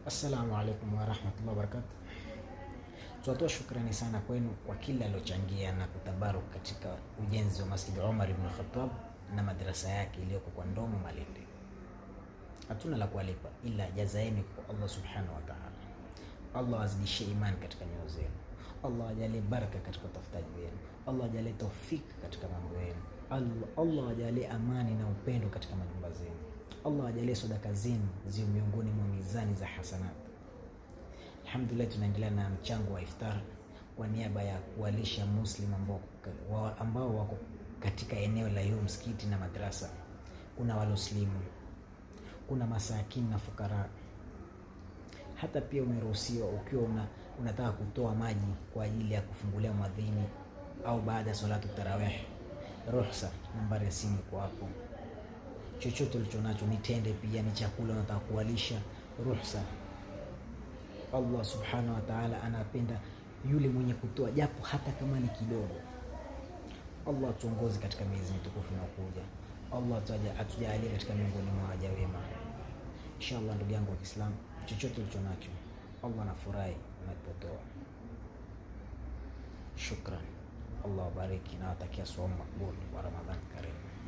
Assalamu alaikum warahmatullahi wabarakatuh. Tunatoa shukrani sana kwenu kwa kila alochangia na kutabaru katika ujenzi wa Masjid Omar ibn Khattab na madrasa yake iliyoko kwa Ndomo Malindi. Hatuna la kuwalipa ila jazaeni kwa Allah subhanahu wa ta'ala. Allah azidishie imani katika nyoyo zenu. Allah ajalie baraka katika utafutaji wenu. Allah ajalie taufiki katika mambo yenu. Allah ajalie amani na upendo katika majumba zenu. Allah ajalie sadaka zenu ziwe miongoni mwa mizani za hasanat. Alhamdulillah, tunaendelea na mchango wa iftar kwa niaba ya kuwalisha muslim ambao, ambao wako katika eneo la hiyo msikiti na madrasa. Kuna waloslimu, kuna masakini na fukara. Hata pia umeruhusiwa ukiwa una, unataka kutoa maji kwa ajili ya kufungulia mwadhini au baada ya salatu tarawih, ruhusa. Nambari ya simu kwa hapo chochote ulichonacho, nitende pia, ni chakula nataka kuwalisha, ruhusa. Allah subhanahu wa ta'ala anapenda yule mwenye kutoa japo hata kama ni kidogo. Allah tuongoze katika miezi mitukufu inayokuja. Allah atujalie katika miongoni mwa waja wema. Inshallah, ndugu yangu wa Kiislamu, chochote ulichonacho Allah anafurahi unapotoa. Shukran. Allah wabariki na watakia saumu makbul wa Ramadhani karimu.